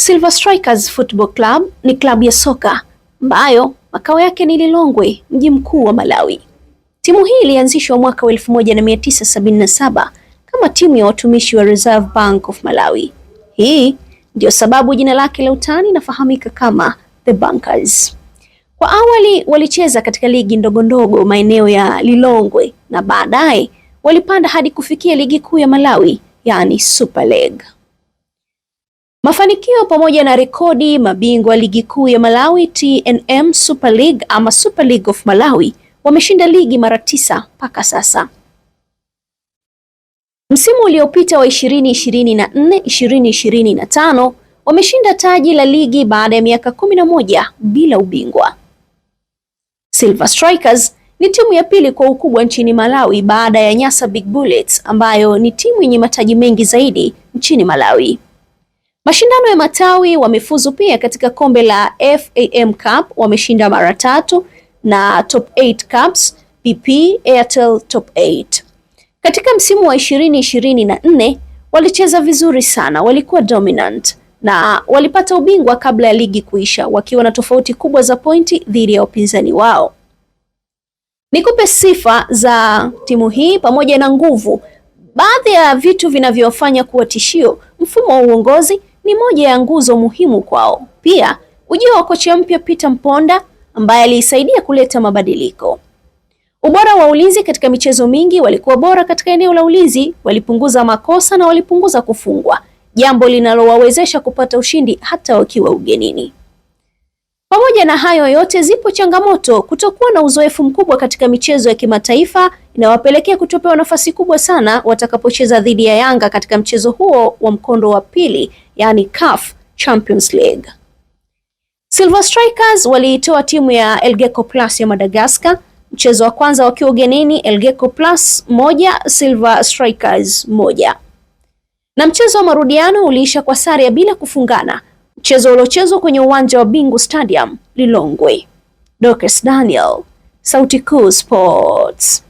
Silver Strikers Football Club ni klabu ya soka ambayo makao yake ni Lilongwe, mji mkuu wa Malawi. Timu hii ilianzishwa mwaka wa saba kama timu ya watumishi wa Reserve Bank of Malawi. Hii ndio sababu jina lake la utani inafahamika kama The Bankers. Kwa awali walicheza katika ligi ndogondogo maeneo ya Lilongwe na baadaye walipanda hadi kufikia ligi kuu ya Malawi, yani Super League. Mafanikio pamoja na rekodi. Mabingwa ligi kuu ya Malawi TNM Super League ama Super League of Malawi wameshinda ligi mara tisa mpaka sasa. Msimu uliopita wa 2024 2025 wameshinda taji la ligi baada ya miaka 11 bila ubingwa. Silver Strikers ni timu ya pili kwa ukubwa nchini Malawi baada ya Nyasa Big Bullets ambayo ni timu yenye mataji mengi zaidi nchini Malawi. Mashindano ya matawi wamefuzu pia katika kombe la FAM Cup, wameshinda mara tatu na Top 8 Cups PP Airtel Top 8. Katika msimu wa 2024 walicheza vizuri sana, walikuwa dominant na walipata ubingwa kabla ya ligi kuisha, wakiwa na tofauti kubwa za pointi dhidi ya wapinzani wao. Nikupe sifa za timu hii pamoja na nguvu, baadhi ya vitu vinavyofanya kuwa tishio: mfumo wa uongozi, ni moja ya nguzo muhimu kwao. Pia ujio wa kocha mpya Peter Mponda ambaye aliisaidia kuleta mabadiliko. Ubora wa ulinzi katika michezo mingi, walikuwa bora katika eneo la ulinzi, walipunguza makosa na walipunguza kufungwa, jambo linalowawezesha kupata ushindi hata wakiwa ugenini. Pamoja na hayo yote, zipo changamoto kutokuwa na uzoefu mkubwa katika michezo ya kimataifa inawapelekea kutopewa nafasi kubwa sana watakapocheza dhidi ya Yanga katika mchezo huo wa mkondo wa pili, yani CAF Champions League. Silver Strikers waliitoa timu ya Elgeco Plus ya Madagascar, mchezo wa kwanza wakiwa ugenini, Elgeco Plus moja Silver Strikers moja, na mchezo wa marudiano uliisha kwa sare ya bila kufungana mchezo uliochezwa kwenye uwanja wa Bingu Stadium Lilongwe. Dorcas Daniel, Sauti Kuu Sports.